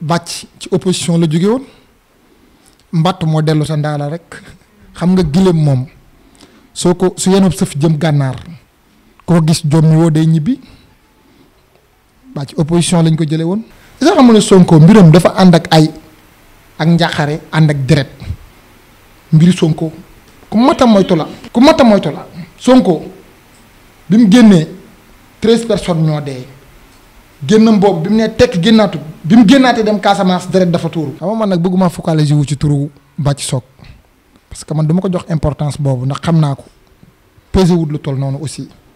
bàcc ci opposition la jóge woon mbatt moo dellu sa ndaala rek xam nga gileem moom soo ko su yenob sëf jëm gànnaar koo gis jommi woo day ñibbi bàcc opposition lañ ko jële woon sax xam ne Sonko mbiram dafa ànd ak ay ak njàqare ànd ak deret mbiri Sonko ku mat a moytu ku mat a moytu la Sonko bi mu génnee treize personnes ñoo dee génnam boobu bi mu nee tekk génnaatu bi mu génnaatee dem Casamance deret dafa tuuru. xam man nag bëgguma focaliser wu ci turu Bathie Sock parce que man duma ko jox importance boobu ndax xam naa ko pesé wut lu toll noonu aussi.